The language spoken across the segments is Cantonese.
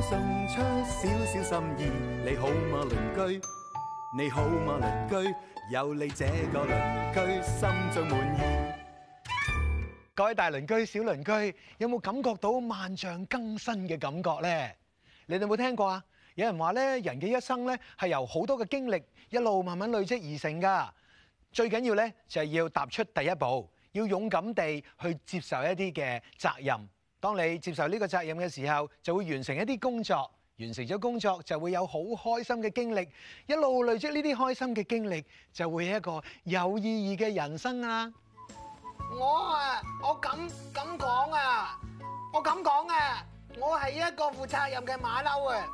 送出少少心意，你好嗎鄰居？你好嗎鄰居？有你這個鄰居，心中滿意。各位大鄰居、小鄰居，有冇感覺到萬象更新嘅感覺咧？你哋有冇聽過啊？有人話咧，人嘅一生咧係由好多嘅經歷一路慢慢累積而成噶。最緊要咧就係要踏出第一步，要勇敢地去接受一啲嘅責任。當你接受呢個責任嘅時候，就會完成一啲工作，完成咗工作就會有好開心嘅經歷，一路累積呢啲開心嘅經歷，就會係一個有意義嘅人生啦。我啊，我敢敢講啊，我敢講啊！一個負責任嘅馬騮啊！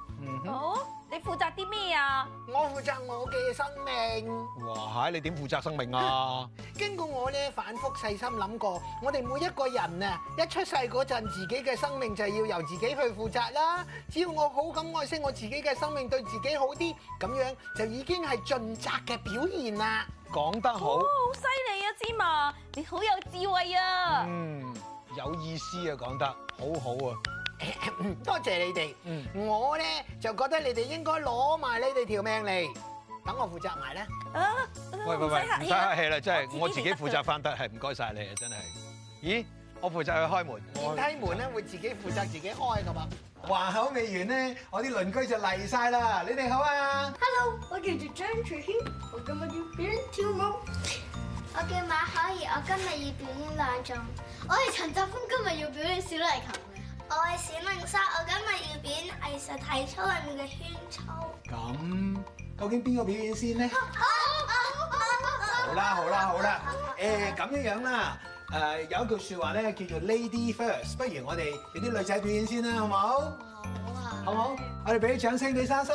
好、哦，你負責啲咩啊？我負責我嘅生命。哇，你點負責生命啊？經過我咧反覆細心諗過，我哋每一個人啊，一出世嗰陣，自己嘅生命就要由自己去負責啦。只要我好咁愛惜我自己嘅生命，對自己好啲，咁樣就已經係盡責嘅表現啦。講得好，好犀利啊，芝麻，你好有智慧啊！嗯，有意思啊，講得好好啊！多謝你哋，我咧就覺得你哋應該攞埋你哋條命嚟，等我負責埋咧。喂喂喂，唔使客氣啦，真係我自己負責翻得係，唔該晒你啊，真係。咦，我負責去開門，電梯門咧會自己負責自己開噶嘛？話口未完咧，我啲鄰居就嚟晒啦。你哋好啊？Hello，我叫做張樹軒，我今日要表演跳舞。我叫馬可兒，我今日要表演朗誦。我係陳澤峰，今日要表演小提琴。我係史明生，我今日要表演藝術體操入面嘅圈操。咁究竟邊個表演先呢？好啦好啦好啦，誒咁樣樣啦，誒有一句說話咧叫做 lady first，不如我哋俾啲女仔表演先啦，好唔好？好啊！好唔好？我哋俾啲掌聲俾珊珊。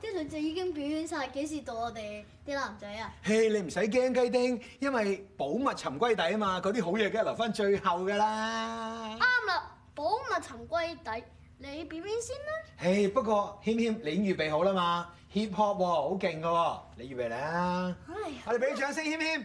啲女仔已經表演晒，幾時到我哋啲男仔啊？誒，你唔使驚雞丁，因為寶物沉歸底啊嘛，嗰啲好嘢梗係留翻最後噶啦。啱啦，寶物沉歸底，你表演先啦。誒，不過謙謙，你預備好啦嘛？Hip hop 喎，好勁㗎喎，你預備啦。我哋俾啲掌聲，謙謙。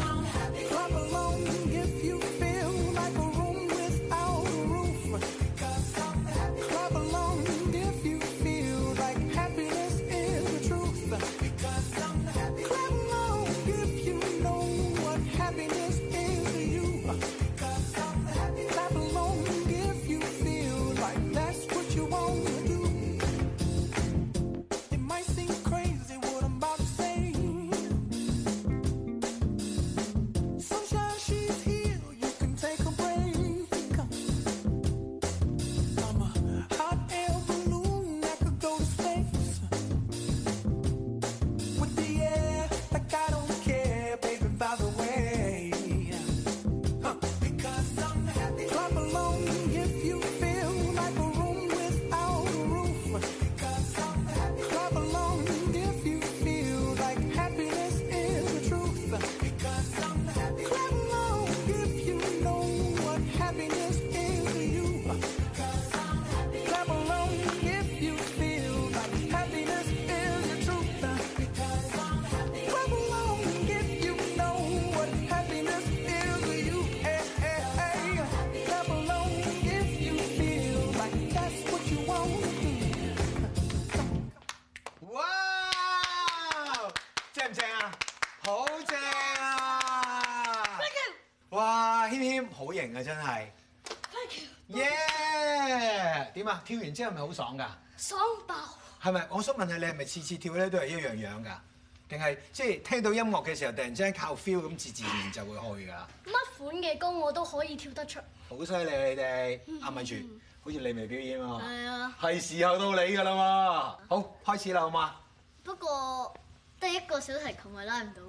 跳完之後係咪好爽噶？爽爆！係咪？我想問下你係咪次次跳咧都係一樣樣噶？定係即係聽到音樂嘅時候突然之間靠 feel 咁自自然就會去㗎啦？乜款嘅歌我都可以跳得出。好犀利啊你哋！阿咪住！好似你未表演嘛？係、嗯、啊！係時候到你㗎啦嘛！好，開始啦好嘛？不過得一個小提琴咪拉唔到喎。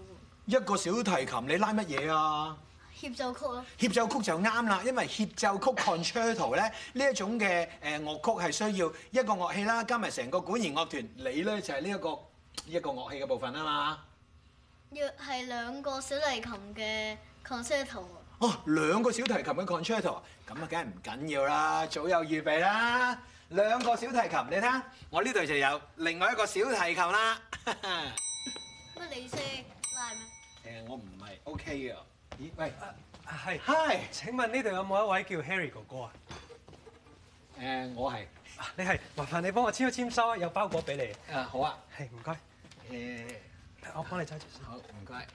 一個小提琴你拉乜嘢啊？協奏曲囉！協奏曲就啱啦，因為協奏曲 concerto，咧，呢一種嘅誒樂曲係需要一個樂器啦，加埋成個管弦樂團，你咧，就係呢一個一個樂器嘅部分啊嘛。要係兩個小提琴嘅 concerto。哦，兩個小提琴嘅 concerto，咁啊，梗係唔緊要啦，早有預備啦。兩個小提琴，你睇下，我呢度就有另外一個小提琴啦。乜你識拉咩？誒，我唔係 OK 嘅。喂，係、啊，Hi。請問呢度有冇一位叫 Harry 哥哥啊？誒、uh，我係。你係，麻煩你幫我簽一簽收，有包裹俾你。誒、uh，好啊。係，唔該。誒、uh，我幫你揸住先。好，唔該。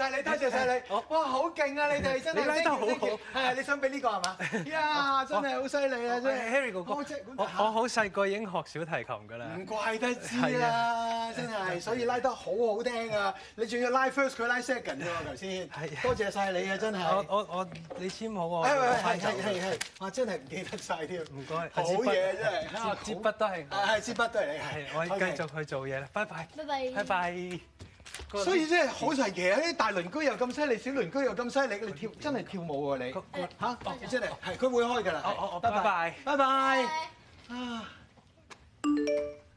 多謝你，多謝曬你！哇，好勁啊！你哋真係拉得好好，係你想俾呢個係嘛？呀，真係好犀利啊！真係，Harry 哥哥，我我好細個已經學小提琴㗎啦，唔怪得之啦，真係，所以拉得好好聽啊！你仲要拉 first，佢拉 second 㗎喎，頭先。係，多謝曬你啊！真係，我我我你簽好喎。係係係係，我真係唔記得曬添。唔該，好嘢真係，支筆都係，係支筆都係你，係我繼續去做嘢啦，拜拜，拜拜，拜拜。所以真係好神奇啊！啲大鄰居又咁犀利，小鄰居又咁犀利，你跳真係跳舞喎你嚇！Jenny，係佢會開㗎啦。哦哦哦，拜拜拜拜。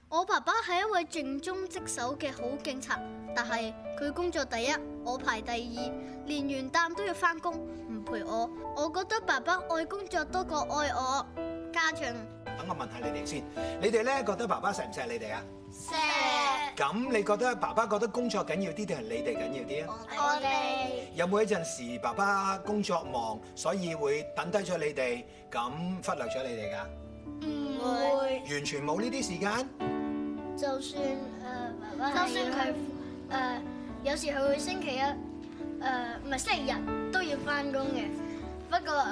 我爸爸係一位盡忠職守嘅好警察，但係佢工作第一，我排第二，連元旦都要翻工，唔陪我。我覺得爸爸愛工作多過愛我。家長，等我問下你哋先，你哋咧覺得爸爸錫唔錫你哋啊？錫。咁你覺得爸爸覺得工作緊要啲定係你哋緊要啲啊？我、okay. 哋有冇一陣時爸爸工作忙，所以會等低咗你哋，咁忽略咗你哋噶？唔、嗯、會，完全冇呢啲時間。就算誒、呃、爸爸，就算佢誒、呃、有時佢會星期一，誒唔係星期日都要翻工嘅，不過誒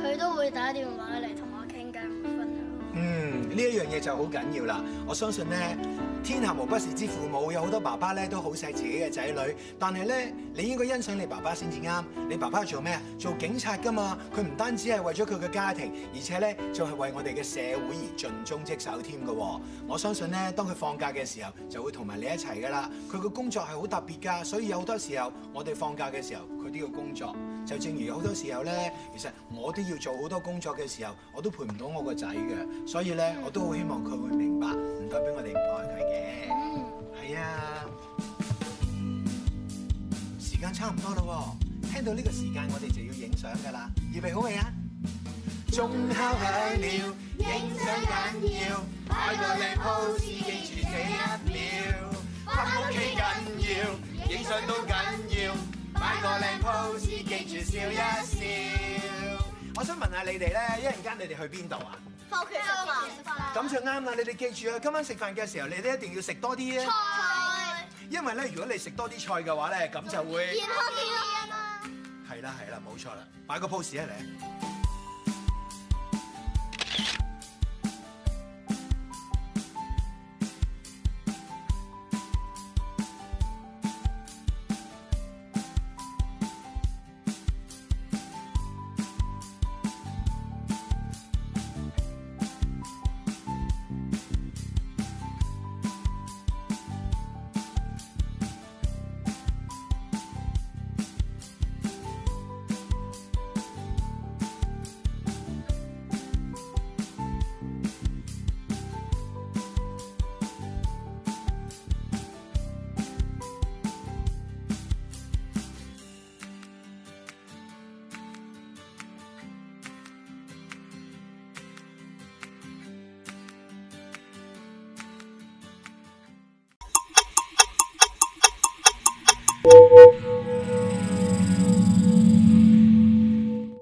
佢，呃、都會打電話嚟同我傾偈，我分享。嗯，呢一樣嘢就好緊要啦。我相信咧。嗯天下無不是之父母，有好多爸爸咧都好錫自己嘅仔女，但係咧，你應該欣賞你爸爸先至啱。你爸爸係做咩啊？做警察㗎嘛，佢唔單止係為咗佢嘅家庭，而且咧仲係為我哋嘅社會而盡忠職守添㗎。我相信咧，當佢放假嘅時候，就會同埋你一齊㗎啦。佢嘅工作係好特別㗎，所以有好多時候，我哋放假嘅時候，佢都要工作。就正如好多時候咧，其實我都要做好多工作嘅時候，我都陪唔到我個仔嘅，所以咧我都好希望佢會明白，唔代表我哋唔愛佢嘅。係啊，時間差唔多啦喎，聽到呢個時間我哋就要影相噶啦，預備好未啊？鐘敲響了，影相緊要，擺個靚 pose 記住這一秒，返屋企緊要，影相都緊要。個靚 pose，記住笑一笑。我想問下你哋咧，一陣間你哋去邊度啊？放學食飯啦。咁就啱啦，你哋記住啊，今晚食飯嘅時候，你哋一定要食多啲啊菜、菜。因為咧，如果你食多啲菜嘅話咧，咁就會健康啲啊嘛。係啦係啦，冇錯啦，擺個 pose 啊嚟。